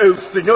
El señor